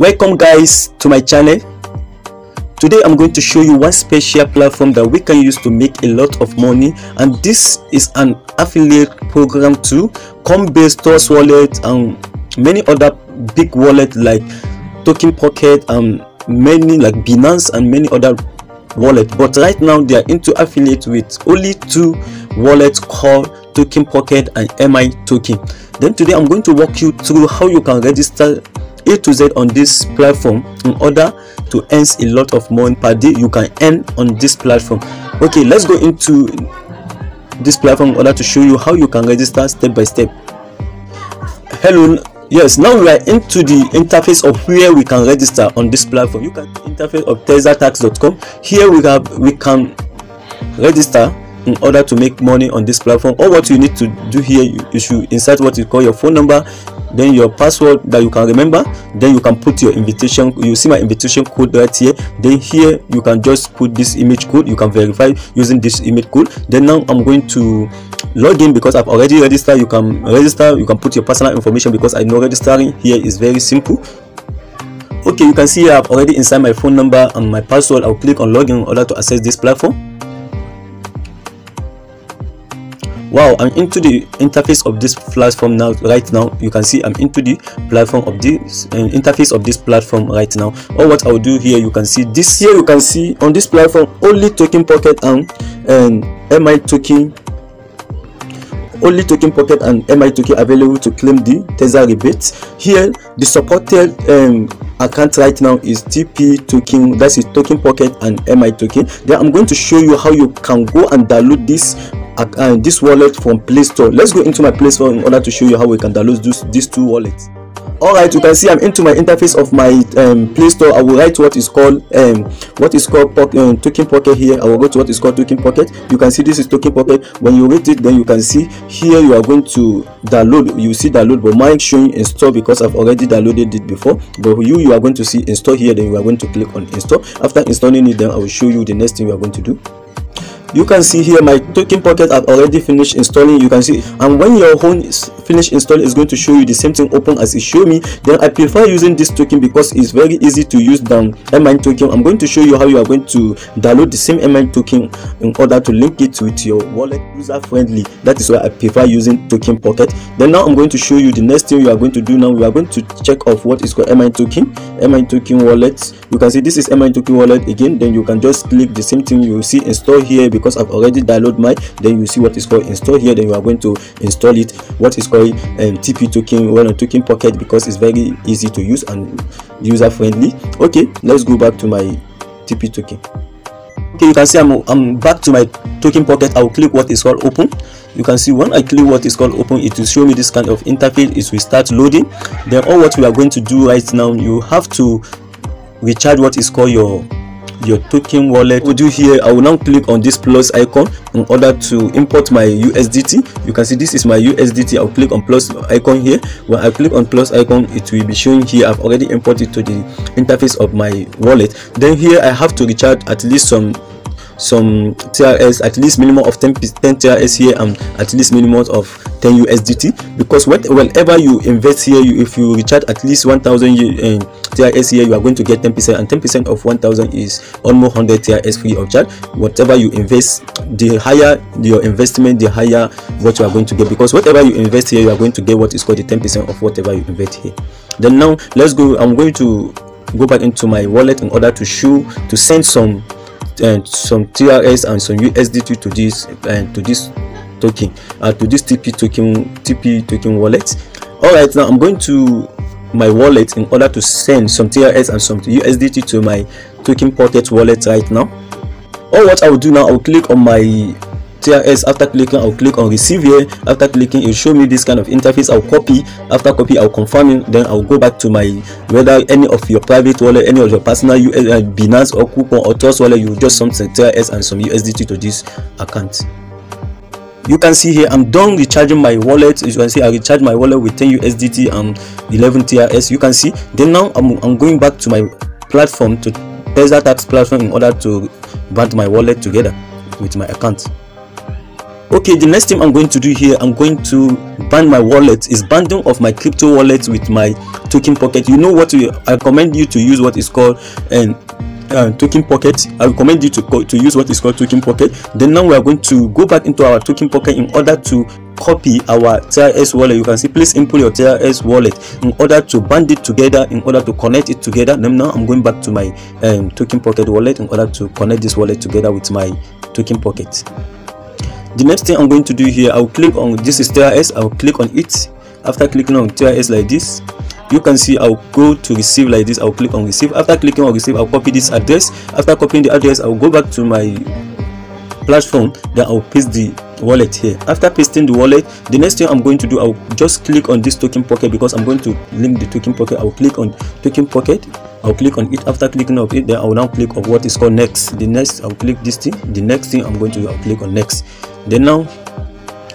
welcome guys to my channel today i'm going to show you one special platform that we can use to make a lot of money and this is an affiliate program too coinbase stores wallet and many other big wallet like token pocket and many like binance and many other wallet but right now they are into affiliate with only two wallets called token pocket and mi token then today i'm going to walk you through how you can register a to Z on this platform in order to earn a lot of money per day you can earn on this platform. Okay, let's go into this platform in order to show you how you can register step by step. Hello, yes now we are into the interface of where we can register on this platform you can interface of tesatax.com here we have we can register in order to make money on this platform or what you need to do here you, you should insert what you call your phone number then your password that you can remember then you can put your invitation you see my invitation code right here then here you can just put this image code you can verify using this image code then now i'm going to log in because i've already registered you can register you can put your personal information because i know registering here is very simple okay you can see i've already inside my phone number and my password i'll click on login in order to access this platform wow i'm into the interface of this platform now right now you can see i'm into the platform of this uh, interface of this platform right now or what i'll do here you can see this here you can see on this platform only token pocket and and mi token only token pocket and mi token available to claim the Tesla rebate here the supported um, account right now is tp token that's a token pocket and mi token then i'm going to show you how you can go and download this uh, this wallet from play store let's go into my play store in order to show you how we can download this, these two wallets all right you can see i'm into my interface of my um, play store i will write what is called um, what is called po um, uh, token pocket here i will go to what is called token pocket you can see this is token pocket when you read it then you can see here you are going to download you see download but mine showing install because i've already downloaded it before but you you are going to see install here then you are going to click on install after installing it then i will show you the next thing you are going to do you can see here my token pocket i've already finished installing you can see and when your phone is finished installing it's going to show you the same thing open as it showed me then i prefer using this token because it's very easy to use Down mine token i'm going to show you how you are going to download the same mine token in order to link it with your wallet user friendly that is why i prefer using token pocket then now i'm going to show you the next thing you are going to do now we are going to check off what is called mine token mine token wallet you can see this is mine token wallet again then you can just click the same thing you will see install here because i've already downloaded mine then you see what is called install here then you are going to install it what is called um, tp token well on token pocket because it's very easy to use and user friendly okay let's go back to my tp token okay you can see i'm, I'm back to my token pocket i'll click what is called open you can see when i click what is called open it will show me this kind of interface it will start loading then all what we are going to do right now you have to recharge what is called your your token wallet would you here i will now click on this plus icon in order to import my usdt you can see this is my usdt i'll click on plus icon here when i click on plus icon it will be showing here i've already imported to the interface of my wallet then here i have to recharge at least some some TRS at least minimum of 10, 10 TRS here and at least minimum of 10 USDT because whenever you invest here you if you recharge at least 1000 eh, TRS here you are going to get 10% and 10% of 1000 is almost 100 TRS free of charge whatever you invest the higher your investment the higher what you are going to get because whatever you invest here you are going to get what is called the 10% of whatever you invest here then now let's go I'm going to go back into my wallet in order to show to send some and some TRS and some USDT to this and to this token uh, to this TP token TP token wallet. All right, now I'm going to my wallet in order to send some TRS and some USDT to my token pocket wallet right now. All what I will do now, I'll click on my TRS after clicking I'll click on receive here after clicking it show me this kind of interface I'll copy after copy I'll confirm it then I'll go back to my whether any of your private wallet any of your personal US, uh, Binance or Coupon or Trust wallet you just some TRS and some USDT to this account you can see here i'm done recharging my wallet as you can see i recharge my wallet with 10 usdt and 11 trs you can see then now i'm, I'm going back to my platform to Tesla tax platform in order to bond my wallet together with my account okay the next thing i'm going to do here i'm going to ban my wallet is banding of my crypto wallet with my token pocket you know what we, i recommend you to use what is called and um, uh, token pocket i recommend you to to use what is called token pocket then now we are going to go back into our token pocket in order to copy our TRS wallet. You can see please input your TRS wallet in order to band it together, in order to connect it together. Then now I'm going back to my um, token pocket wallet in order to connect this wallet together with my token pocket the next thing i'm going to do here i'll click on this is trs i'll click on it after clicking on trs like this you can see i'll go to receive like this i'll click on receive after clicking on receive i'll copy this address after copying the address i'll go back to my platform then i'll paste the wallet here after pasting the wallet the next thing i'm going to do i'll just click on this token pocket because i'm going to link the token pocket i'll click on token pocket i'll click on it after clicking on it then i'll now click on what is called next the next i'll click this thing the next thing i'm going to do i'll click on next then now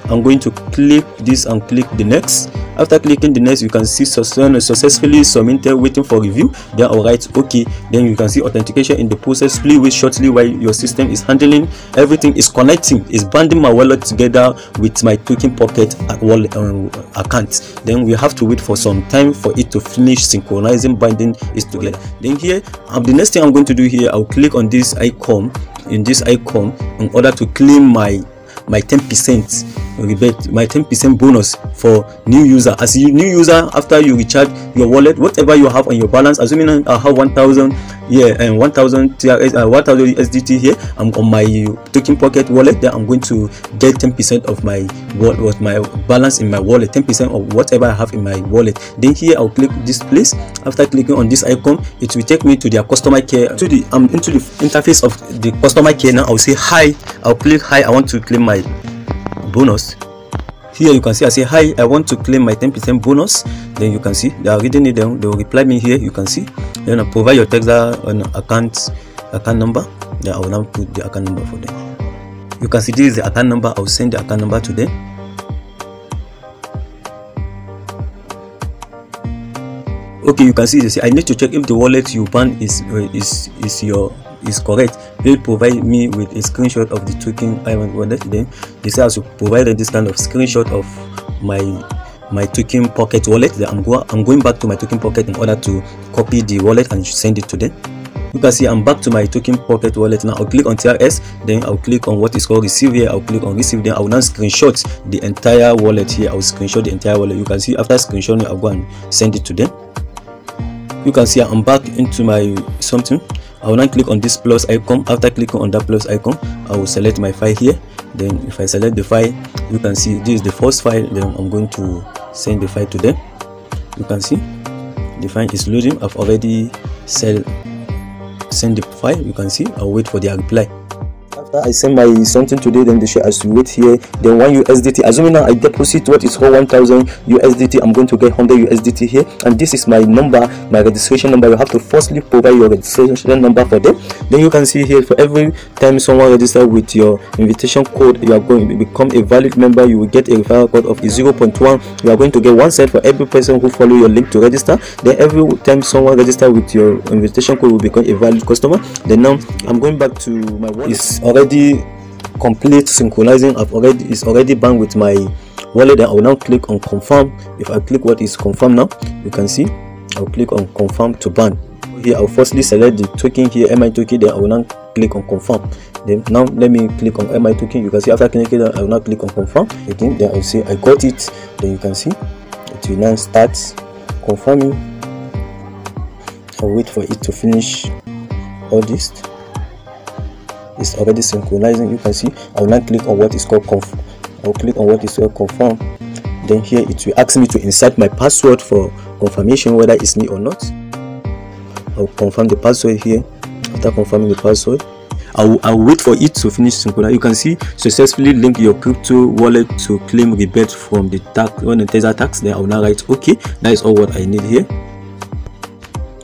i'm going to click this and click the next after clicking the next you can see uh, successfully submitted waiting for review then i'll write okay then you can see authentication in the process Please wait shortly while your system is handling everything is connecting is binding my wallet together with my token pocket uh, wallet uh, account then we have to wait for some time for it to finish synchronizing binding is together then here um, the next thing i'm going to do here i'll click on this icon in this icon in order to claim my my 10% rebate my 10% bonus for new user as a new user after you recharge your wallet whatever you have on your balance assuming i have 1000 yeah and 1000 trs uh, 1000 sdt here i'm on my token pocket wallet then i'm going to get 10 percent of my what was my balance in my wallet 10 percent of whatever i have in my wallet then here i'll click this place after clicking on this icon it will take me to their customer care to the i'm um, into the interface of the customer care now i'll say hi i'll click hi i want to claim my bonus here you can see i say hi i want to claim my 10 percent bonus then you can see they are reading it down they will reply me here you can see then i provide your text uh, an account account number then i will now put the account number for them you can see this is the account number i'll send the account number to them okay you can see they say i need to check if the wallet you ban is uh, is is your is correct please provide me with a screenshot of the token i wanted then they say i should provide this kind of screenshot of my my token pocket wallet that i'm going i'm going back to my token pocket in order to copy the wallet and send it to them you can see i'm back to my token pocket wallet now i'll click on trs then i'll click on what is called receive here i'll click on receive then i'll now screenshot the entire wallet here i'll screenshot the entire wallet you can see after screenshotting i'll go and send it to them you can see i'm back into my something I will now click on this plus icon after clicking on that plus icon I will select my file here then if I select the file you can see this is the first file then I'm going to send the file to them you can see the file is loading I've already sell, send the file you can see I'll wait for their reply I send my something today, then they share as to wait here. Then one USDT, assuming now I deposit what is for 1000 USDT, I'm going to get 100 USDT here. And this is my number, my registration number. You have to firstly provide your registration number for them. Then you can see here for every time someone register with your invitation code, you are going to become a valid member. You will get a referral code of 0.1. You are going to get one cent for every person who follow your link to register. Then every time someone register with your invitation code will become a valid customer. Then now I'm going back to my wallet. It's already already complete synchronizing i've already is already banned with my wallet i will now click on confirm if i click what is confirmed now you can see i'll click on confirm to ban here i'll firstly select the token here mi token then i will now click on confirm then now let me click on mi token you can see after clicking i will now click on confirm again then i'll say i got it then you can see it will now start confirming i'll wait for it to finish all this is already synchronizing you can see i will now click on what is called conf i will click on what is called confirm then here it will ask me to insert my password for confirmation whether it's me or not i'll confirm the password here after confirming the password I'll, I'll, wait for it to finish synchronize. You can see successfully link your crypto wallet to claim rebate from the tax on the Tether tax. Then I'll now write OK. That is all what I need here.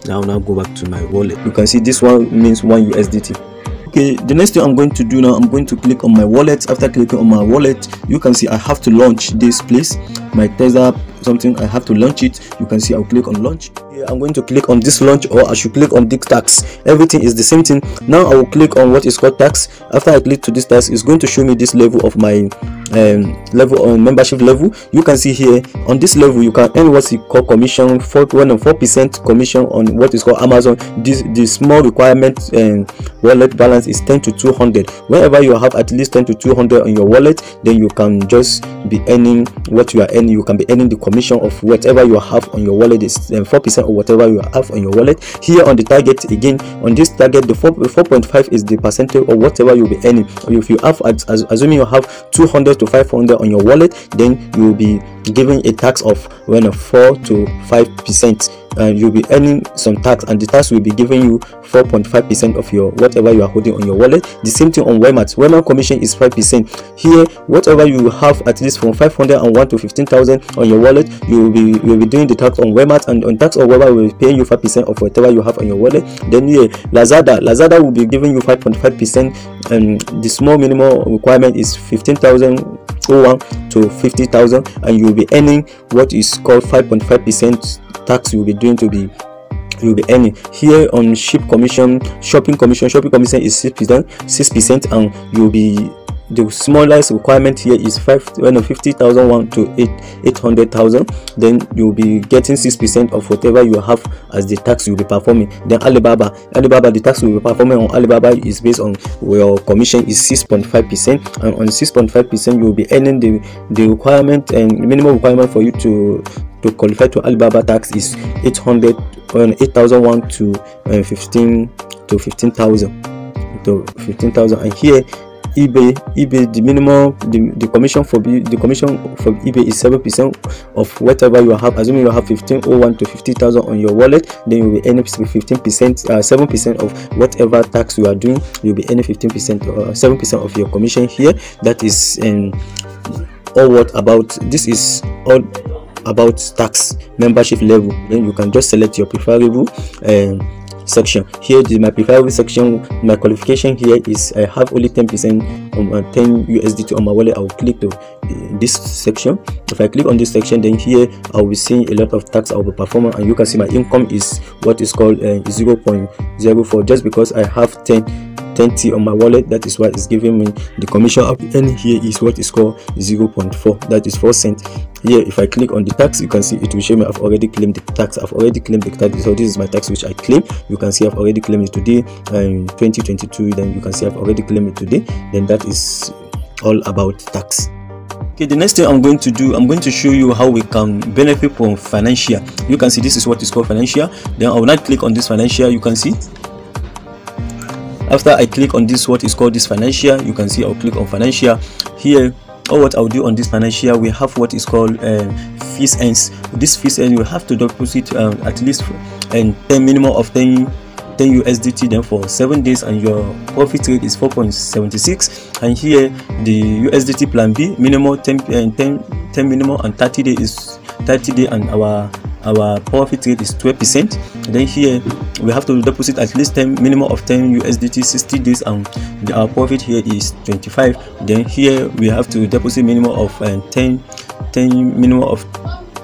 Now now go back to my wallet. You can see this one means one USDT okay the next thing i'm going to do now i'm going to click on my wallet after clicking on my wallet you can see i have to launch this place my tether something i have to launch it you can see i'll click on launch here i'm going to click on this launch or i should click on this tax everything is the same thing now i will click on what is called tax after i click to this tax it's going to show me this level of my um, level on membership level you can see here on this level you can earn what's called commission 41 or 4 percent commission on what is called amazon this the small requirement um, wallet balance is 10 to 200 whenever you have at least 10 to 200 on your wallet then you can just be earning what you are earning you can be earning the commission of whatever you have on your wallet is um, 4 percent whatever you have on your wallet here on the target again on this target the 4.5 is the percentage or whatever you'll be earning if you have assuming you have 200 to 500 on your wallet then you'll be giving a tax of when a 4 to 5 percent and you'll be earning some tax and the tax will be giving you 4.5 percent of your whatever you are holding on your wallet the same thing on walmart walmart commission is 5 percent here whatever you have at least from 501 to 15000 on your wallet you will be you'll be doing the tax on walmart and on tax on walmart whatever will paying you 5% of whatever you have on your wallet. Then yeah, Lazada, Lazada will be giving you 5.5% and the small minimal requirement is 15,000 to 50,000 and you'll be earning what is called 5.5% tax you'll be doing to be you'll be earning here on ship commission shopping commission shopping commission is six percent six percent and you'll be the smallest requirement here is five 50,000 1 to 8 800,000 then you'll be getting 6% of whatever you have as the tax you'll be performing then Alibaba Alibaba the tax you'll be performing on Alibaba is based on your commission is 6.5% and on 6.5% you'll be earning the the requirement and minimum requirement for you to to qualify to Alibaba tax is 800 8001 to uh, 15 to 15,000 to 15,000 and here eBay, eBay the minimum the, the commission for the commission for eBay is seven percent of whatever you have. Assuming you have fifteen oh one to fifty thousand on your wallet, then you will earn fifteen percent, uh, seven percent of whatever tax you are doing. You'll be earning fifteen percent, uh, seven percent of your commission here. That is um, all what about this is all about tax membership level. Then you can just select your preferable. Um, section here the, my preferred section my qualification here is i have only 10 percent on um, my uh, 10 usdt on um, my wallet i'll click to uh, this section if i click on this section then here i'll be seeing a lot of tax i'll be performing and you can see my income is what is called uh, 0.04 just because i have 10 20 on my wallet that is what is giving me the commission up and here is what is called 0.4 that is 4 cent here if i click on the tax you can see it will show me i've already claimed the tax i've already claimed the tax so this is my tax which i claim you can see i've already claimed it today in um, 2022 then you can see i've already claimed it today then that is all about tax okay the next thing i'm going to do i'm going to show you how we can benefit from financial you can see this is what is called financial then i will not click on this financial you can see after i click on this what is called this financial you can see i'll click on financial here or what I'll do on this financial we have what is called uh, fees ends this fees end you have to deposit um, at least and um, ten minimum of 10 10 USDT then for 7 days and your profit rate is 4.76 and here the USDT plan B minimum 10 and um, 10, 10 minimum and 30 day is 30 day and our our profit rate is 12 percent then here we have to deposit at least 10 minimum of 10 usdt 60 days and our profit here is 25 then here we have to deposit minimum of uh, 10 10 minimum of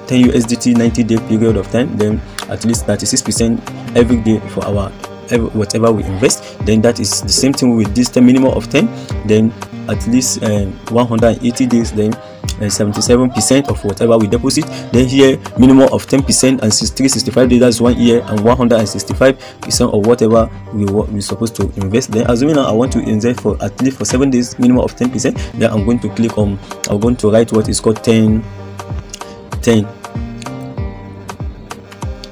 10 usdt 90 day period of time then at least 36 percent every day for our whatever we invest then that is the same thing with this 10 minimum of 10 then at least um, uh, 180 days then uh, 77 percent of whatever we deposit then here minimum of 10 percent and 365 days that's one year and 165 percent of whatever we we supposed to invest then assuming i want to invest for at least for seven days minimum of 10 percent then i'm going to click on i'm going to write what is called 10 10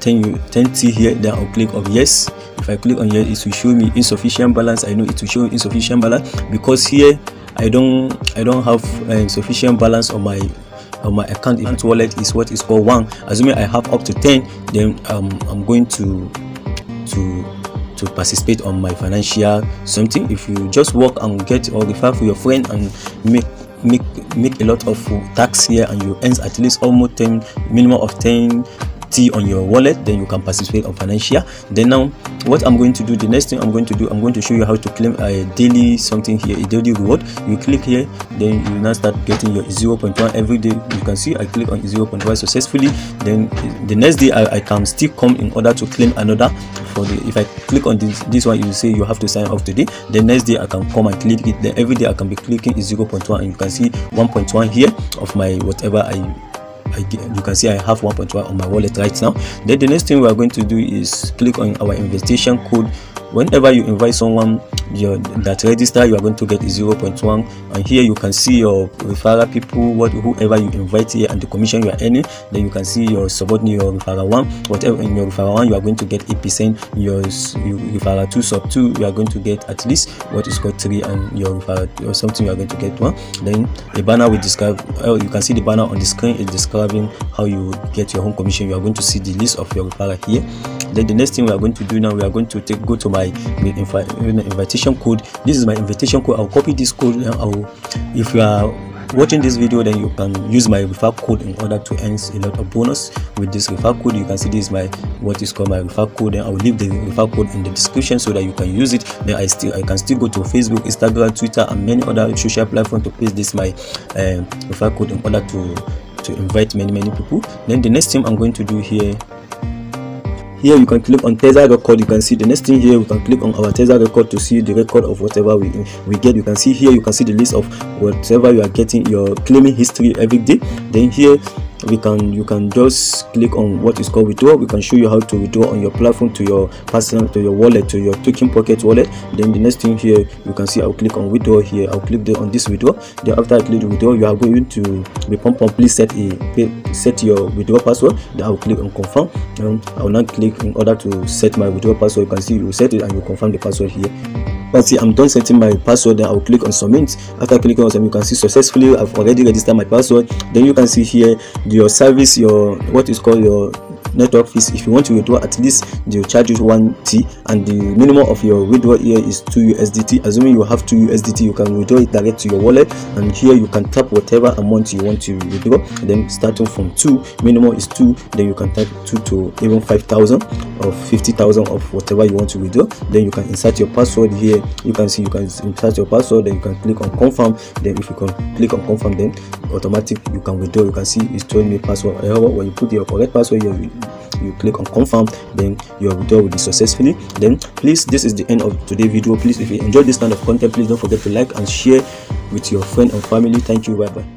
10 10 t here then i'll click on yes if i click on yes it will show me insufficient balance i know it will show insufficient balance because here i don't i don't have uh, sufficient balance on my on my account event wallet is what is called one assuming i have up to 10 then um, i'm going to to to participate on my financial something if you just work and get or refer for your friend and make make make a lot of tax here and you earn at least almost 10 minimum of 10 on your wallet then you can participate on financial then now what i'm going to do the next thing i'm going to do i'm going to show you how to claim a daily something here a daily reward you click here then you now start getting your 0.1 every day you can see i click on 0.1 successfully then the next day i, I can still come in order to claim another for the if i click on this this one you say you have to sign off today the next day i can come and click it then every day i can be clicking 0.1 and you can see 1.1 here of my whatever i you can see i have 1.1 on my wallet right now then the next thing we are going to do is click on our invitation code whenever you invite someone your that register you are going to get is 0.1 and here you can see your referral people what whoever you invite here and the commission you are earning then you can see your subordinate your referral one whatever in your referral one you are going to get a percent your, referral two sub two you are going to get at least what is called three and your referral or something you are going to get one then the banner will describe oh, you can see the banner on the screen is describing how you get your home commission you are going to see the list of your referral here then the next thing we are going to do now we are going to take go to my invitation invitation code this is my invitation code i'll copy this code and i'll if you are watching this video then you can use my refer code in order to earn a lot of bonus with this refer code you can see this is my what is called my refer code and i'll leave the refer code in the description so that you can use it then i still i can still go to facebook instagram twitter and many other social platforms to paste this my uh, refer code in order to to invite many many people then the next thing i'm going to do here here you can click on tether record you can see the next thing here we can click on our tether record to see the record of whatever we we get you can see here you can see the list of whatever you are getting your claiming history every day then here we can you can just click on what is called withdraw we can show you how to withdraw on your platform to your personal to your wallet to your token pocket wallet then the next thing here you can see i'll click on withdraw here i'll click the, on this withdraw then after i click withdraw you are going to be pump please set a set your withdraw password then i'll click on confirm and i'll now click in order to set my withdraw password you can see you set it and you confirm the password here party i'm done setting my password then i'll click on submit after clicking on submit you can see successfully i've already registered my password then you can see here your service your what is called your network fees if you want to withdraw at least they'll charge you 1t and the minimum of your withdraw here is 2 usdt assuming you have 2 usdt you can withdraw it direct to your wallet and here you can tap whatever amount you want to withdraw then starting from 2 minimum is 2 then you can tap 2 to even 5000 or 50000 of whatever you want to withdraw then you can insert your password here you can see you can insert your password then you can click on confirm then if you can click on confirm then automatic you can withdraw you can see it's showing me password however when you put your correct password will you click on confirm then your withdrawal will be successfully then please this is the end of today's video please if you enjoyed this kind of content please don't forget to like and share with your friend and family thank you bye bye